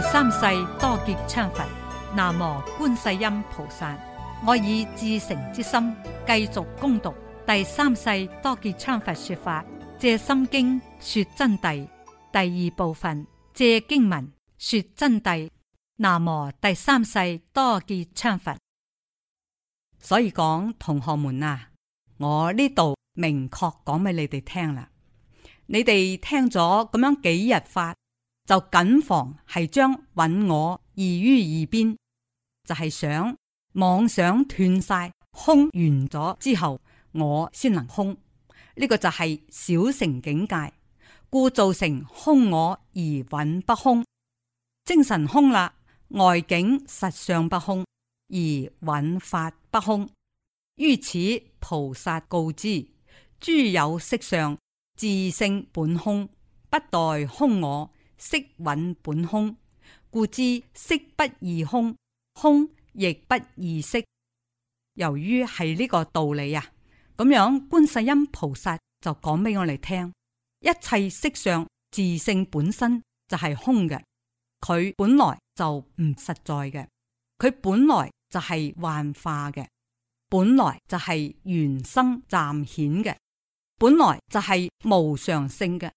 第三世多杰羌佛，南無觀世音菩薩。我以至誠之心繼續攻讀第三世多杰羌佛說法，借心經說真諦第二部分，借經文說真諦。南無第三世多杰羌佛。所以講同學們啊，我呢度明確講俾你哋聽啦，你哋聽咗咁樣幾日法？就謹防係將穩我移於耳邊，就係、是、想妄想斷晒空完咗之後，我先能空。呢、這個就係小乘境界，故造成空我而穩不空，精神空啦，外境實相不空而穩法不空。於此菩薩告知：「諸有色相，自性本空，不待空我。色蘊本空，故知色不異空，空亦不異色。由於係呢個道理啊，咁樣觀世音菩薩就講俾我哋聽：一切色相自性本身就係空嘅，佢本來就唔實在嘅，佢本來就係幻化嘅，本來就係緣生暫顯嘅，本來就係無常性嘅。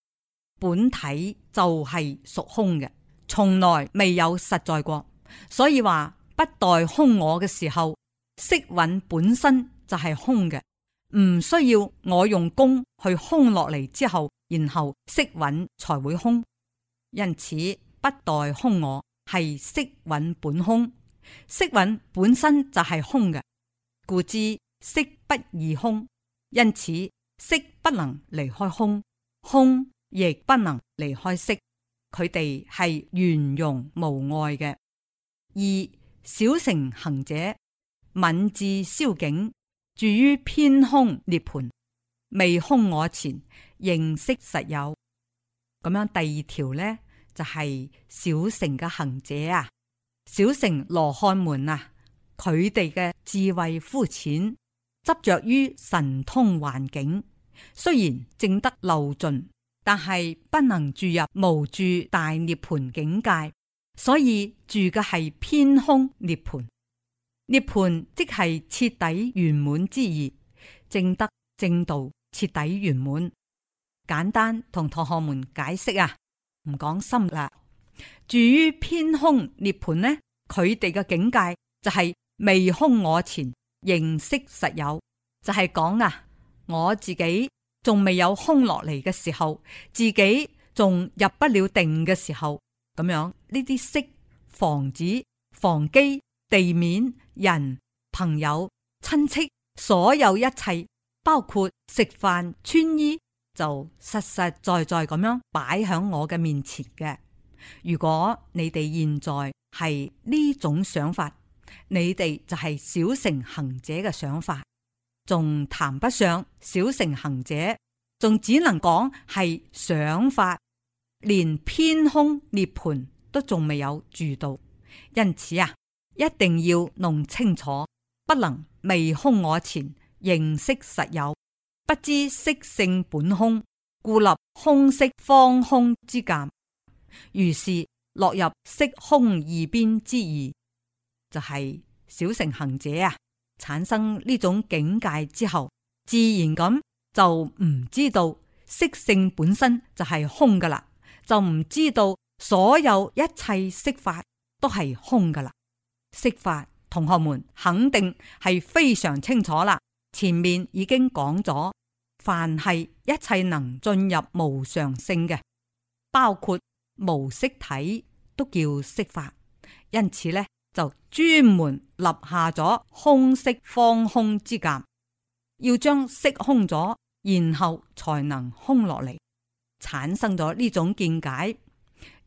本體就係屬空嘅，從來未有實在過，所以話不待空我嘅時候，色蘊本身就係空嘅，唔需要我用功去空落嚟之後，然後色蘊才會空。因此不待空我係色蘊本空，色蘊本身就係空嘅，故知色不異空，因此色不能離開空，空，亦不能離開色，佢哋係圓融無礙嘅。二小乘行者，敏智消景，住於偏空涅槃，未空我前認識實有。咁樣第二條呢，就係、是、小乘嘅行者啊，小乘羅漢門啊，佢哋嘅智慧膚淺，執着於神通環境，雖然證得漏盡。但係不能住入無住大涅盤境界，所以住嘅係偏空涅盤。涅盤即係徹底圓滿之意，正德正道徹底圓滿。簡單同同學們解釋啊，唔講深啦。住於偏空涅盤呢，佢哋嘅境界就係未空我前，認識實有，就係、是、講啊，我自己。仲未有空落嚟嘅時候，自己仲入不了定嘅時候，咁樣呢啲色房子、房基、地面、人、朋友、親戚，所有一切包括食飯、穿衣，就實實在在咁樣擺喺我嘅面前嘅。如果你哋現在係呢種想法，你哋就係小乘行者嘅想法。仲談不上小乘行者，仲只能講係想法，連偏空涅槃都仲未有住到，因此啊，一定要弄清楚，不能未空我前認識實有，不知色性本空，故立空色方空之鑒，於是落入色空二邊之疑，就係、是、小乘行者啊。產生呢種境界之後，自然咁就唔知道色性本身就係空噶啦，就唔知道所有一切色法都係空噶啦。色法，同學們肯定係非常清楚啦。前面已經講咗，凡係一切能進入無常性嘅，包括無色體都叫色法。因此咧。就專門立下咗空色方空之鑒，要將色空咗，然後才能空落嚟，產生咗呢種見解。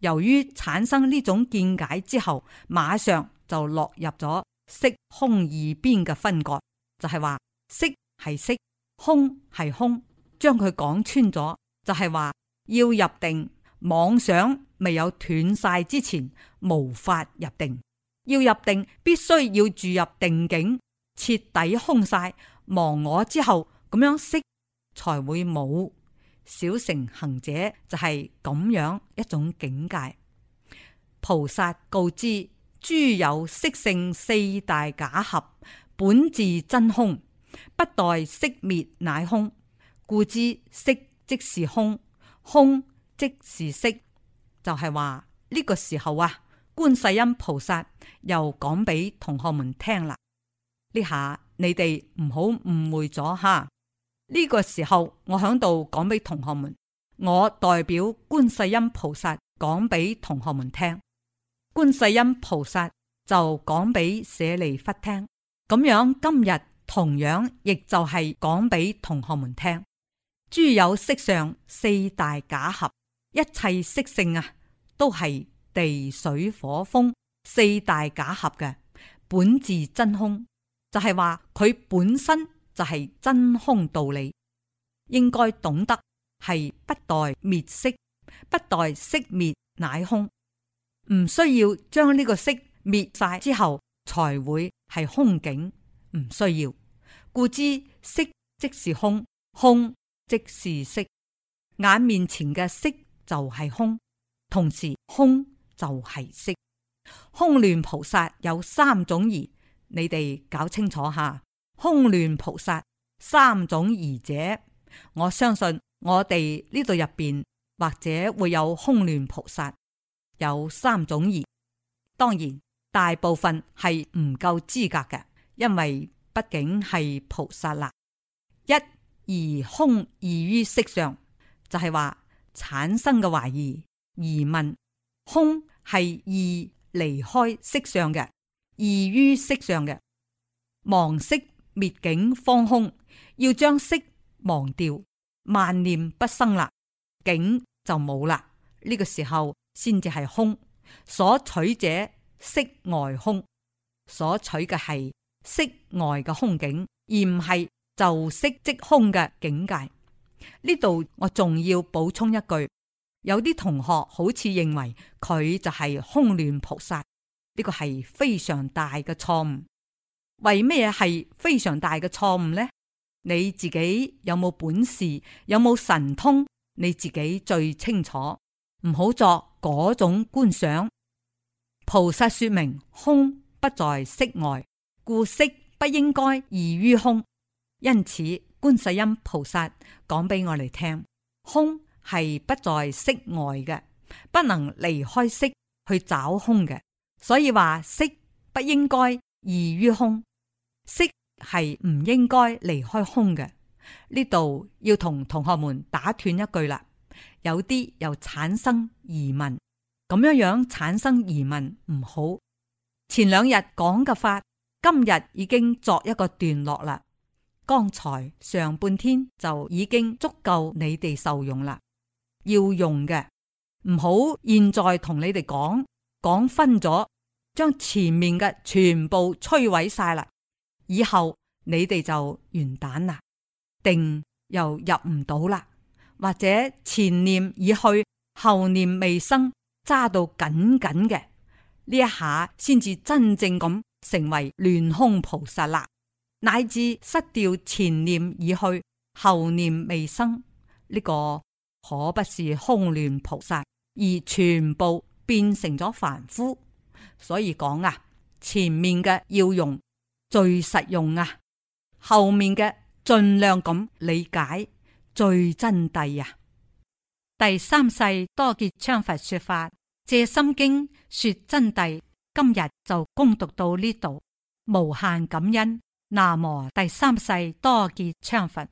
由於產生呢種見解之後，馬上就落入咗色空二邊嘅分割，就係話色係色，空係空，將佢講穿咗，就係話要入定，妄想未有斷晒之前，無法入定。要入定，必須要住入定境，徹底空晒，忘我之後，咁樣識才會冇。小乘行者就係咁樣一種境界。菩薩告知：諸有色性四大假合，本自真空，不待色滅乃空，故知色即是空，空即是色，就係話呢個時候啊。觀世音菩薩又講俾同學們聽啦，呢下你哋唔好誤會咗哈。呢個時候我響度講俾同學們，我代表觀世音菩薩講俾同學們聽。觀世音菩薩就講俾舍利弗聽，咁樣今日同樣亦就係講俾同學們聽。諸有色相四大假合，一切色性啊，都係。地水火風四大假合嘅本自真空，就係話佢本身就係真空道理，應該懂得係不待滅色，不待色滅乃空，唔需要將呢個色滅晒之後才會係空境，唔需要。故知色即是空，空即是色，眼面前嘅色就係空，同時空。就係識空亂菩薩有三種疑，你哋搞清楚下空亂菩薩三種疑者。我相信我哋呢度入邊或者會有空亂菩薩有三種疑，當然大部分係唔夠資格嘅，因為畢竟係菩薩啦。一疑空疑於色上，就係話產生嘅懷疑疑問。空係易離開色相嘅，易於色相嘅，忘色滅境方空，要將色忘掉，萬念不生啦，境就冇啦，呢、這個時候先至係空。所取者色外空，所取嘅係色外嘅空境，而唔係就色即空嘅境界。呢度我仲要補充一句。有啲同學好似認為佢就係空亂菩薩，呢個係非常大嘅錯誤。為咩係非常大嘅錯誤呢？你自己有冇本事，有冇神通，你自己最清楚。唔好作嗰種觀想。菩薩說明空不在色外，故色不應該異於空。因此，觀世音菩薩講俾我哋聽，空。係不在色外嘅，不能離開色去找空嘅，所以話色不應該異於空，色係唔應該離開空嘅。呢度要同同學們打斷一句啦，有啲又產生疑問，咁樣樣產生疑問唔好。前兩日講嘅法，今日已經作一個段落啦。剛才上半天就已經足夠你哋受用啦。要用嘅唔好，現在同你哋講講分咗，將前面嘅全部摧毀晒啦。以後你哋就完蛋啦，定又入唔到啦，或者前念已去，後念未生，揸到緊緊嘅呢一下，先至真正咁成為亂空菩薩啦，乃至失掉前念已去，後念未生呢、這個。可不是空亂菩薩，而全部變成咗凡夫。所以講啊，前面嘅要用最實用啊，後面嘅盡量咁理解最真諦啊。第三世多杰羌佛說法，藉心經說真諦。今日就恭讀到呢度，無限感恩。南無第三世多杰羌佛。